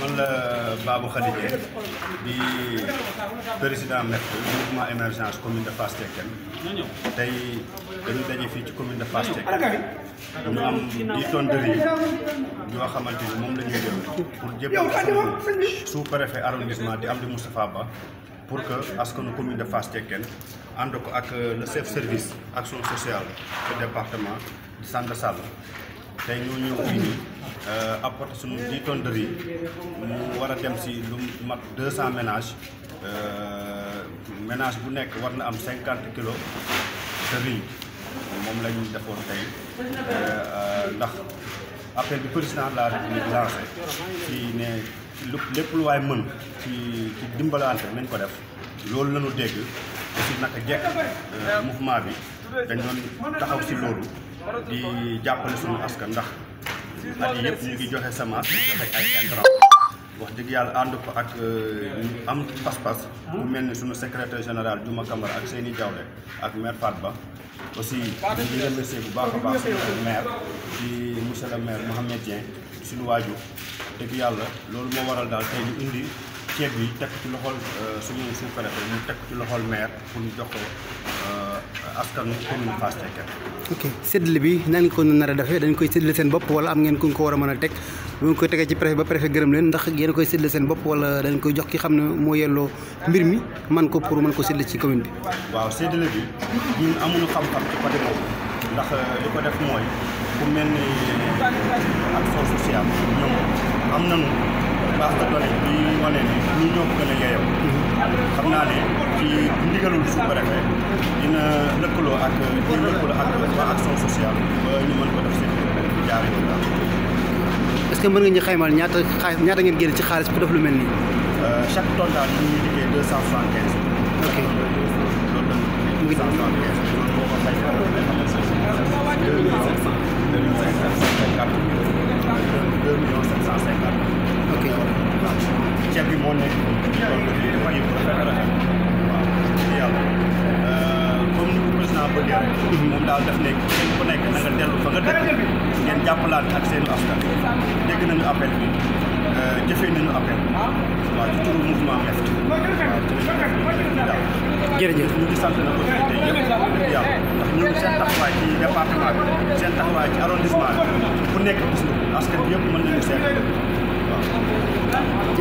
man la Babou Khady Dieng di président nekk mouvement émergence commune de Fass Cekkeen tey dañu daje fii ci commune de Fass Cekkeen ñu am 10 tonnes de riz yoo xamante ni moom la ñuy jël pour jébbal sous préfet arrondissement di Amdi Moustapha Ba pour que askanu commune de Fass Cekkeen ànd ko ak le chef service action sociale du département di Sanda Sall tey ñoo ñëw fii nii euh, apporté suñu dix de riz mu war a dem si lu mat deux cent ménages euh, ménage bu nekk war na am cinquante kilos de riz moom la ñu defoon tey euh, ndax appel bi président de la République lancé ci ne lépp lu waay mën ci ci dimbalante nañ ko def loolu lañu dégg aussi naka jekk mouvement bi dañ doon taxaw si loolu di jàppale suñu askan ndax at yi yëpp ñu ngi joxe semence joxe ay intrants wax dëgg yàlla ànd ko ak ñu euh, am pas-pas bu mel ni suñu secretaire général Juma Camara ak seeni Diawle ak maire Fat Ba aussi ñu ngi remercier bu baax a baax suñu maire di monsieur le maire Mouhamed Dieng suñu waajur dëgg yàlla loolu moo waral daal tey ñu indi ceeb bi teg ci loxol euh, suñu sous-préfet mu teg ci loxol maire pour ñu jox ko euh, askan wi commune Fass Cekkeen. ok séddale bi nan ko nar a defee dañ koy séddale seen bopp wala am ngeen ku ko war a mën a teg bu ngeen koy tegee ci préfet ba préfet gërëm leen ndax yéen koy séddale seen bopp wala dañ koy jox ki xam ne moo yelloo mbir mi man ko pour mën ko séddale ci commune bi. waaw séddale bi ñun amuñu xam-xam ci côté boobu ndax euh, li ko def mooy ku mel ni action sociale ñoom as mën que mën nga ñu xaymal ñaata xaalis ñaata ngeen génn ci xaalis pour def lu mel nii euh, chaque tonne daal ñu ngi liggéey ok ceeb bi moo nekk dëgg fa yëpp dafa rafet waaw dëgg yàlla comme ni ko président bëggee rek moom daal daf nekk kenn ku nekk na nga dellu fa nga dëkk ngeen jàppalaat ak seen askan dégg nañu appel bi jëfee nañu appel waaw ci turu mouvement MEFT jërëjëf ñu ngi sant na ko tey yëpp dëgg yàlla ndax ñoom seen taxawaay ci département bi seen taxawaay ci arrondissement bi ku nekk gis nga askan bi yëpp mën nañu seet waaw